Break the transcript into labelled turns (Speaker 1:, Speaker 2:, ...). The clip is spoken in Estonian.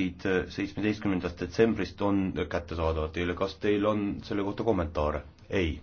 Speaker 1: tekstid äh, seitsmeteistkümnendast detsembrist on kättesaadavad teile, kas teil on selle kohta kommentaare? ei